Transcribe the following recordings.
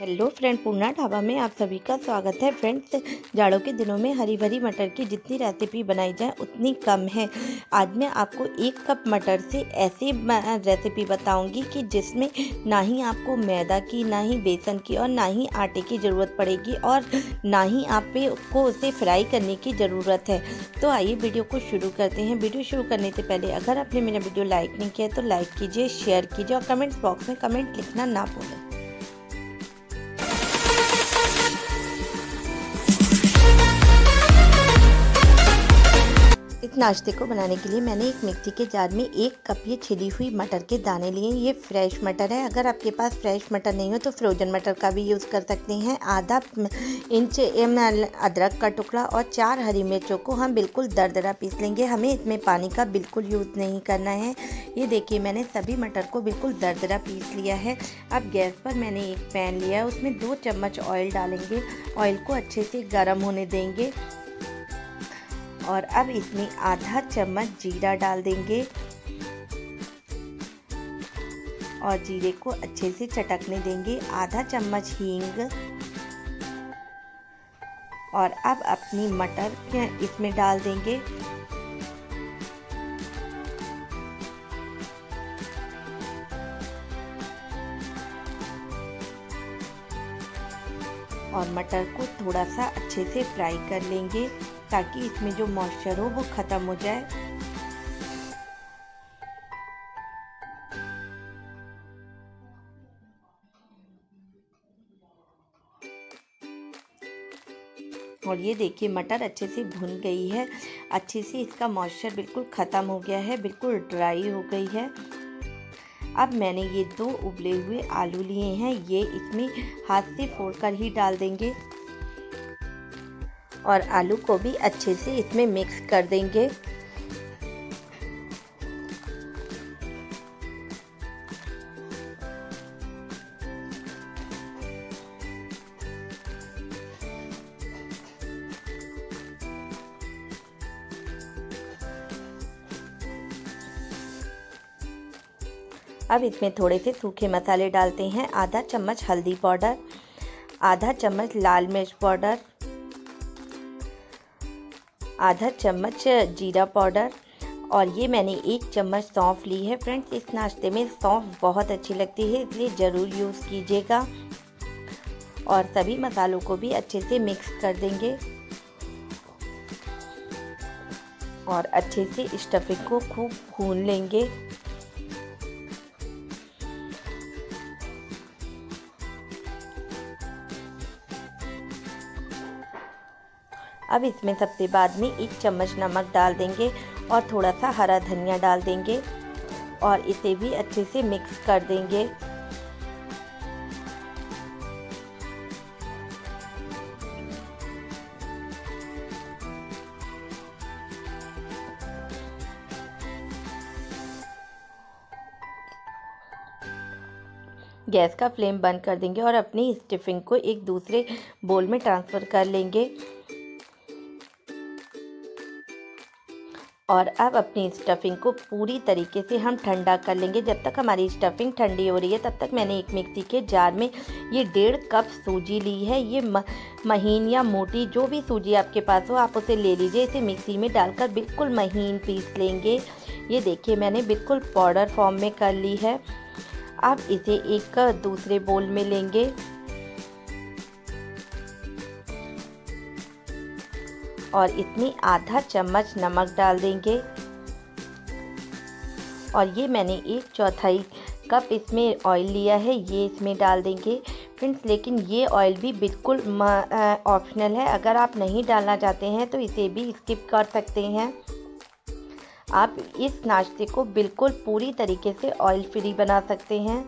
hello friend Purna Dhaba में आप सभी का स्वागत है फ्रेंड्स जाड़ों के दिनों में हरी भरी मटर की जितनी रेसिपी बनाई जाए उतनी कम है आज मैं आपको एक कप मटर से ऐसी रेसिपी बताऊंगी कि जिसमें ना ही आपको मैदा की ना ही बेसन की और ना ही आटे की ज़रूरत पड़ेगी और ना ही आपको उसे फ्राई करने की ज़रूरत है तो आइए वीडियो को शुरू करते हैं वीडियो शुरू करने से पहले अगर आपने मेरा वीडियो लाइक नहीं किया तो लाइक कीजिए शेयर कीजिए और कमेंट्स बॉक्स में कमेंट लिखना ना भूलें नाश्ते को बनाने के लिए मैंने एक मिक्सी के जार में एक कप ये छिली हुई मटर के दाने लिए ये फ्रेश मटर है अगर आपके पास फ्रेश मटर नहीं हो तो फ्रोजन मटर का भी यूज़ कर सकते हैं आधा इंच अदरक का टुकड़ा और चार हरी मिर्चों को हम बिल्कुल दर दरा पीस लेंगे हमें इसमें पानी का बिल्कुल यूज़ नहीं करना है ये देखिए मैंने सभी मटर को बिल्कुल दरदरा पीस लिया है अब गैस पर मैंने एक पैन लिया है उसमें दो चम्मच ऑयल डालेंगे ऑयल को अच्छे से गर्म होने देंगे और अब इसमें आधा चम्मच जीरा डाल देंगे और जीरे को अच्छे से चटकने देंगे आधा चम्मच हींग और अब अपनी मटर इसमें डाल देंगे और मटर को थोड़ा सा अच्छे से फ्राई कर लेंगे ताकि इसमें जो मॉइस्चर हो वो ख़त्म हो जाए और ये देखिए मटर अच्छे से भुन गई है अच्छे से इसका मॉइस्चर बिल्कुल ख़त्म हो गया है बिल्कुल ड्राई हो गई है अब मैंने ये दो उबले हुए आलू लिए हैं ये इसमें हाथ से फोड़ कर ही डाल देंगे और आलू को भी अच्छे से इसमें मिक्स कर देंगे अब इसमें थोड़े से सूखे मसाले डालते हैं आधा चम्मच हल्दी पाउडर आधा चम्मच लाल मिर्च पाउडर आधा चम्मच जीरा पाउडर और ये मैंने एक चम्मच सौंफ ली है फ्रेंड्स इस नाश्ते में सौंफ बहुत अच्छी लगती है इसलिए ज़रूर यूज़ कीजिएगा और सभी मसालों को भी अच्छे से मिक्स कर देंगे और अच्छे से स्टफिंग को खूब भून लेंगे अब इसमें सबसे बाद में एक चम्मच नमक डाल देंगे और थोड़ा सा हरा धनिया डाल देंगे और इसे भी अच्छे से मिक्स कर देंगे गैस का फ्लेम बंद कर देंगे और अपनी स्टफिंग को एक दूसरे बोल में ट्रांसफ़र कर लेंगे और अब अपनी स्टफिंग को पूरी तरीके से हम ठंडा कर लेंगे जब तक हमारी स्टफिंग ठंडी हो रही है तब तक मैंने एक मिक्सी के जार में ये डेढ़ कप सूजी ली है ये महीन या मोटी जो भी सूजी आपके पास हो आप उसे ले लीजिए इसे मिक्सी में डालकर बिल्कुल महीन पीस लेंगे ये देखिए मैंने बिल्कुल पाउडर फॉर्म में कर ली है आप इसे एक दूसरे बोल में लेंगे और इतनी आधा चम्मच नमक डाल देंगे और ये मैंने एक चौथाई कप इसमें ऑयल लिया है ये इसमें डाल देंगे फ्रेंड्स लेकिन ये ऑयल भी बिल्कुल ऑप्शनल है अगर आप नहीं डालना चाहते हैं तो इसे भी स्किप कर सकते हैं आप इस नाश्ते को बिल्कुल पूरी तरीके से ऑयल फ्री बना सकते हैं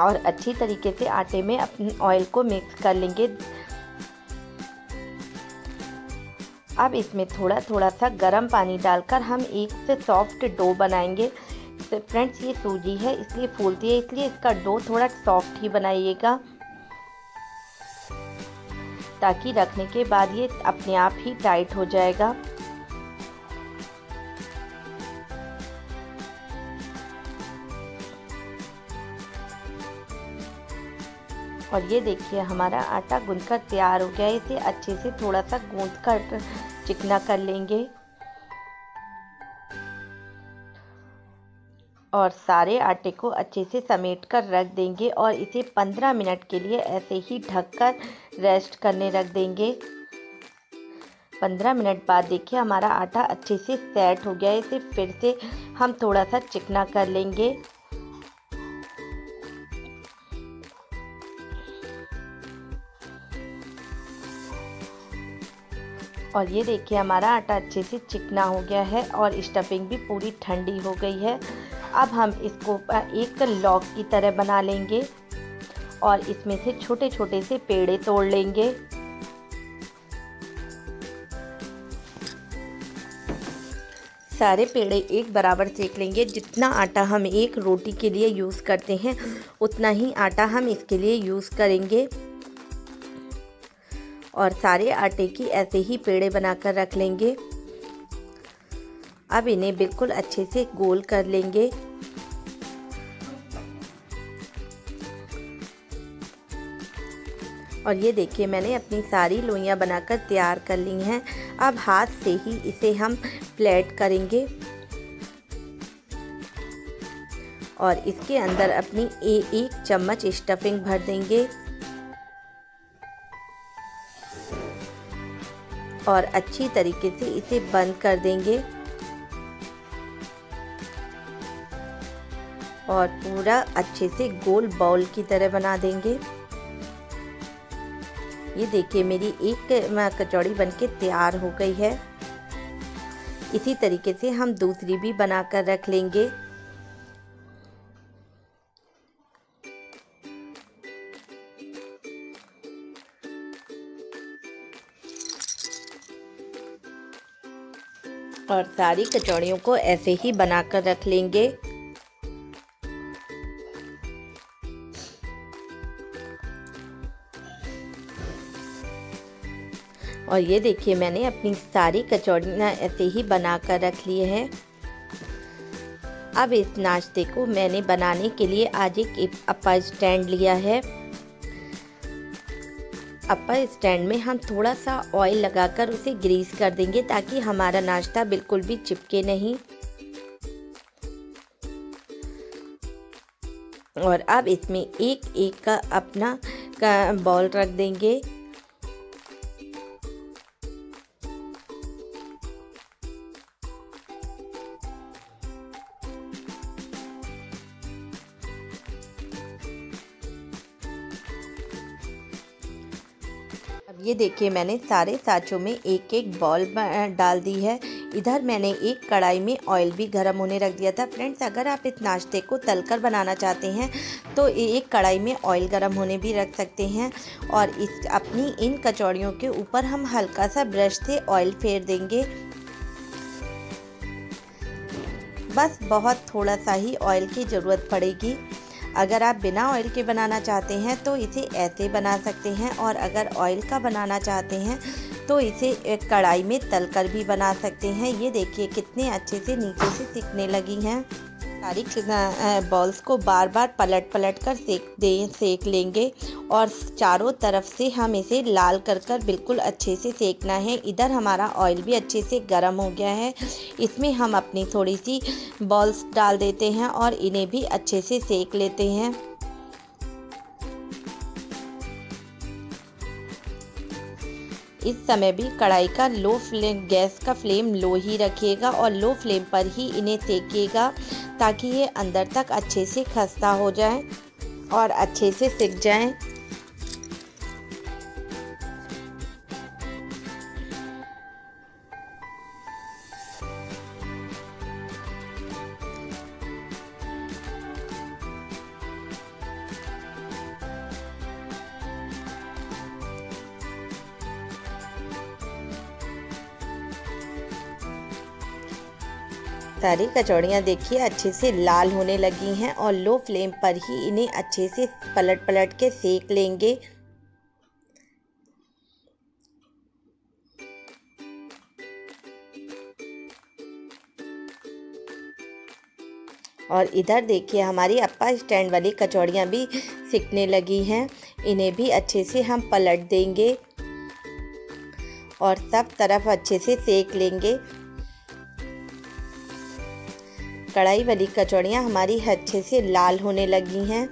और अच्छी तरीके से आटे में अपने ऑयल को मिक्स कर लेंगे अब इसमें थोड़ा थोड़ा सा गर्म पानी डालकर हम एक से सॉफ्ट डो बनाएंगे फ्रेंड्स ये सूजी है इसलिए फूलती है इसलिए इसका डो थोड़ा सॉफ्ट ही बनाइएगा ताकि रखने के बाद ये अपने आप ही टाइट हो जाएगा और ये देखिए हमारा आटा गूंद कर तैयार हो गया है इसे अच्छे से थोड़ा सा गूंद कर चिकना कर लेंगे और सारे आटे को अच्छे से समेट कर रख देंगे और इसे 15 मिनट के लिए ऐसे ही ढककर रेस्ट करने रख देंगे 15 मिनट बाद देखिए हमारा आटा अच्छे से सेट हो गया है इसे फिर से हम थोड़ा सा चिकना कर लेंगे और ये देखिए हमारा आटा अच्छे से चिकना हो गया है और स्टफिंग भी पूरी ठंडी हो गई है अब हम इसको एक लॉक की तरह बना लेंगे और इसमें से छोटे छोटे से पेड़े तोड़ लेंगे सारे पेड़े एक बराबर सेक लेंगे जितना आटा हम एक रोटी के लिए यूज़ करते हैं उतना ही आटा हम इसके लिए यूज़ करेंगे और सारे आटे की ऐसे ही पेड़े बनाकर रख लेंगे अब इन्हें बिल्कुल अच्छे से गोल कर लेंगे और ये देखिए मैंने अपनी सारी लोइयाँ बनाकर तैयार कर ली हैं अब हाथ से ही इसे हम प्लेट करेंगे और इसके अंदर अपनी एक एक चम्मच स्टफिंग भर देंगे और अच्छी तरीके से इसे बंद कर देंगे और पूरा अच्छे से गोल बाउल की तरह बना देंगे ये देखिए मेरी एक कचौड़ी बनके तैयार हो गई है इसी तरीके से हम दूसरी भी बनाकर रख लेंगे और सारी कचौड़ियों को ऐसे ही बनाकर रख लेंगे और ये देखिए मैंने अपनी सारी कचौड़ियाँ ऐसे ही बनाकर रख लिए हैं अब इस नाश्ते को मैंने बनाने के लिए आज एक अपर स्टैंड लिया है अपर स्टैंड में हम थोड़ा सा ऑयल लगाकर उसे ग्रीस कर देंगे ताकि हमारा नाश्ता बिल्कुल भी चिपके नहीं और अब इसमें एक एक का अपना का बॉल रख देंगे ये देखिए मैंने सारे साँचों में एक एक बॉल डाल दी है इधर मैंने एक कढ़ाई में ऑयल भी गर्म होने रख दिया था फ्रेंड्स अगर आप इस नाश्ते को तलकर बनाना चाहते हैं तो एक कढ़ाई में ऑयल गर्म होने भी रख सकते हैं और इस अपनी इन कचौड़ियों के ऊपर हम हल्का सा ब्रश से ऑयल फेर देंगे बस बहुत थोड़ा सा ही ऑयल की ज़रूरत पड़ेगी अगर आप बिना ऑयल के बनाना चाहते हैं तो इसे ऐसे बना सकते हैं और अगर ऑयल का बनाना चाहते हैं तो इसे एक कढ़ाई में तलकर भी बना सकते हैं ये देखिए कितने अच्छे से नीचे से सीखने लगी हैं सारी बॉल्स को बार बार पलट पलट कर सेक दे सेक लेंगे और चारों तरफ से हम इसे लाल कर कर बिल्कुल अच्छे से सेकना है इधर हमारा ऑयल भी अच्छे से गर्म हो गया है इसमें हम अपनी थोड़ी सी बॉल्स डाल देते हैं और इन्हें भी अच्छे से सेक लेते हैं इस समय भी कढ़ाई का लो फ्लेम गैस का फ्लेम लो ही रखिएगा और लो फ्लेम पर ही इन्हें सेकिएगा ताकि ये अंदर तक अच्छे से खस्ता हो जाए और अच्छे से सिक जाए सारी कचौड़ियाँ देखिए अच्छे से लाल होने लगी हैं और लो फ्लेम पर ही इन्हें अच्छे से पलट पलट के सेक लेंगे और इधर देखिए हमारी अप्पा स्टैंड वाली कचौड़ियाँ भी सिकने लगी हैं इन्हें भी अच्छे से हम पलट देंगे और सब तरफ अच्छे से सेक लेंगे कढ़ाई वाली कचौड़ियाँ हमारी अच्छे से लाल होने लगी हैं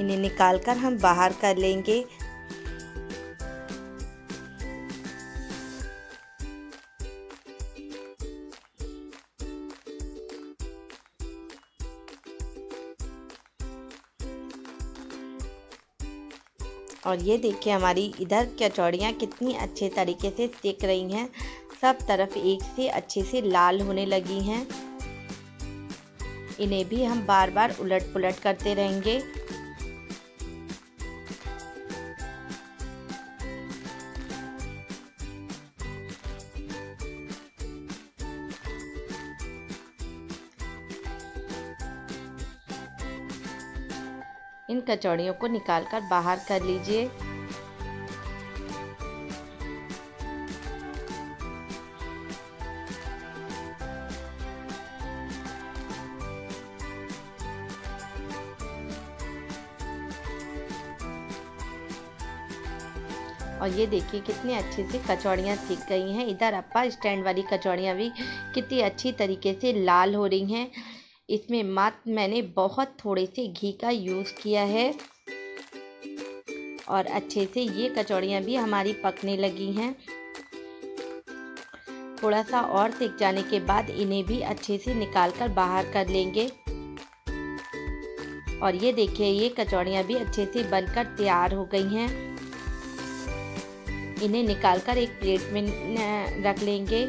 इन्हें निकाल कर हम बाहर कर लेंगे और ये देखिए हमारी इधर कचौड़ियाँ कितनी अच्छे तरीके से सेक रही हैं सब तरफ एक से अच्छे से लाल होने लगी हैं इन्हें भी हम बार बार उलट पुलट करते रहेंगे कचौड़ियों को निकालकर बाहर कर लीजिए और ये देखिए कितनी अच्छी सी कचौड़ियाँ सीख गई हैं इधर अप्पा स्टैंड वाली कचौड़ियाँ भी कितनी अच्छी तरीके से लाल हो रही हैं इसमें मात्र मैंने बहुत थोड़े से घी का यूज़ किया है और अच्छे से ये कचौड़ियाँ भी हमारी पकने लगी हैं थोड़ा सा और सेक जाने के बाद इन्हें भी अच्छे से निकाल कर बाहर कर लेंगे और ये देखिए ये कचौड़ियाँ भी अच्छे से बनकर तैयार हो गई हैं इन्हें निकाल कर एक प्लेट में रख लेंगे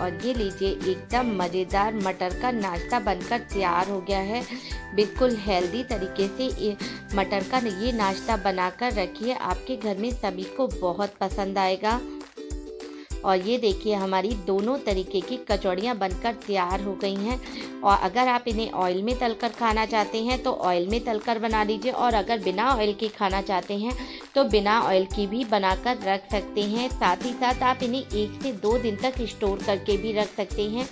और ये लीजिए एकदम मज़ेदार मटर का नाश्ता बनकर तैयार हो गया है बिल्कुल हेल्दी तरीके से मटर का ये नाश्ता बनाकर रखिए आपके घर में सभी को बहुत पसंद आएगा और ये देखिए हमारी दोनों तरीके की कचौड़ियाँ बनकर तैयार हो गई हैं और अगर आप इन्हें ऑयल में तलकर खाना चाहते हैं तो ऑयल में तलकर बना लीजिए और अगर बिना ऑयल के खाना चाहते हैं तो बिना ऑयल की भी बनाकर रख सकते हैं साथ ही साथ आप इन्हें एक से दो दिन तक स्टोर करके भी रख सकते हैं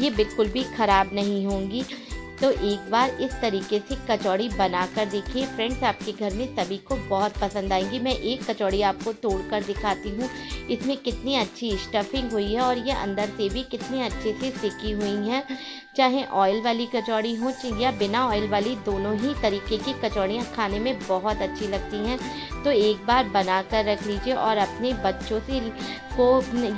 ये बिल्कुल भी ख़राब नहीं होंगी तो एक बार इस तरीके से कचौड़ी बना कर देखिए फ्रेंड्स आपके घर में सभी को बहुत पसंद आएंगी मैं एक कचौड़ी आपको तोड़ कर दिखाती हूँ इसमें कितनी अच्छी स्टफिंग हुई है और ये अंदर से भी कितनी अच्छे से सिकी हुई हैं चाहे ऑयल वाली कचौड़ी हो या बिना ऑयल वाली दोनों ही तरीके की कचौड़ियाँ खाने में बहुत अच्छी लगती हैं तो एक बार बना कर रख लीजिए और अपने बच्चों से को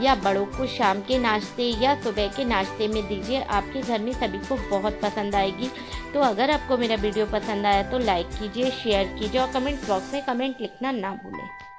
या बड़ों को शाम के नाश्ते या सुबह के नाश्ते में दीजिए आपके घर में सभी को बहुत पसंद आए पाएगी तो अगर आपको मेरा वीडियो पसंद आया तो लाइक कीजिए शेयर कीजिए और कमेंट बॉक्स में कमेंट लिखना ना भूलें